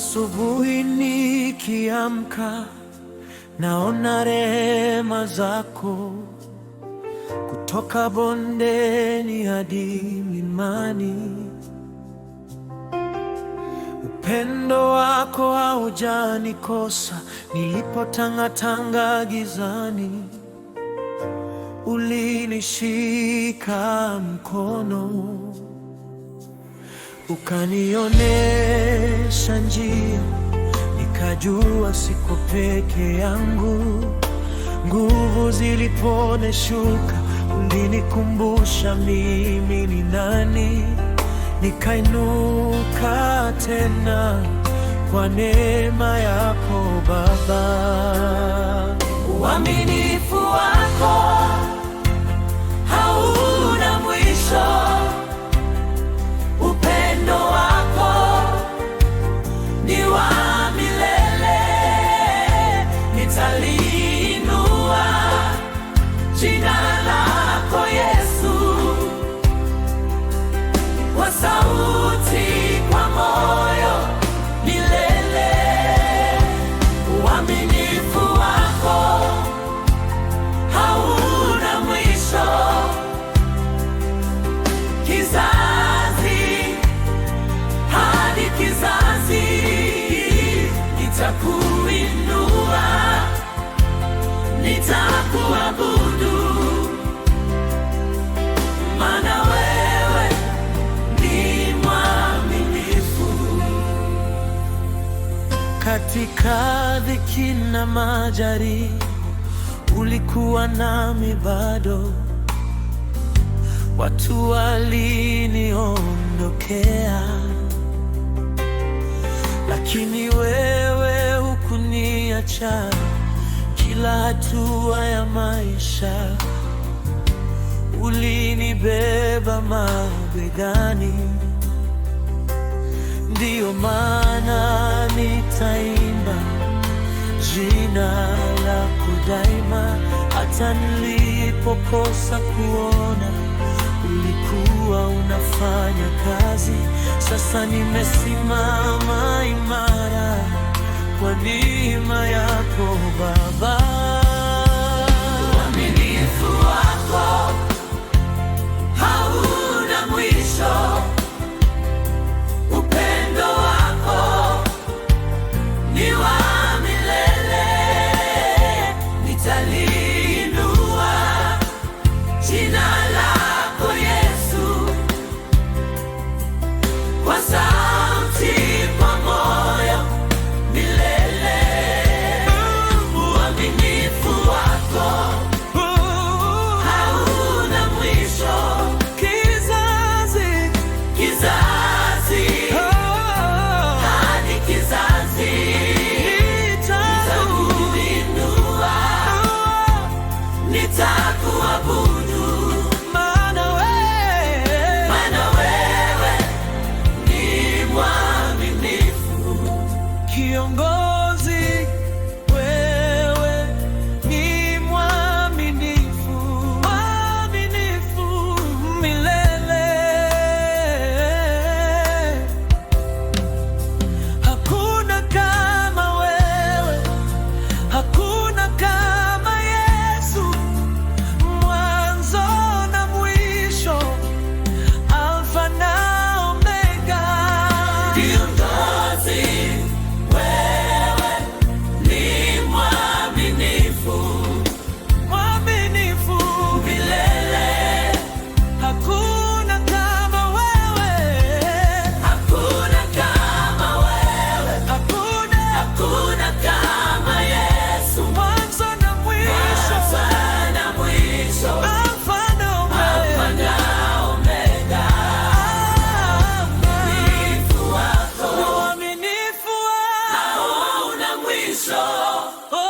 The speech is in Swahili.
Asubuhi nikiamka, naona rehema zako kutoka bondeni hadi mlimani. Upendo wako haujanikosa nilipotangatanga gizani, ulinishika mkono ukanionea kunionyesha njia, nikajua siko peke yangu. Nguvu shuka ulinikumbusha mimi ni nani. Nikainuka tena kwa neema yako Baba, uaminifu wako ataliinua jina katika dhiki na majari, ulikuwa nami bado. Watu waliniondokea, lakini wewe hukuniacha. Kila hatua ya maisha ulinibeba mabegani, ndiyo ma nitaimba jina lako daima, hata nilipokosa kuona ulikuwa unafanya kazi. Sasa nimesimama imara kwa neema yako Baba. feel Oh.